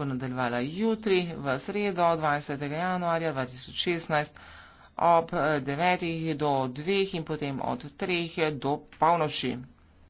bo nadaljevala jutri v sredo 20. januarja 2016 ob 9. do 2. in potem od 3. do polnoči.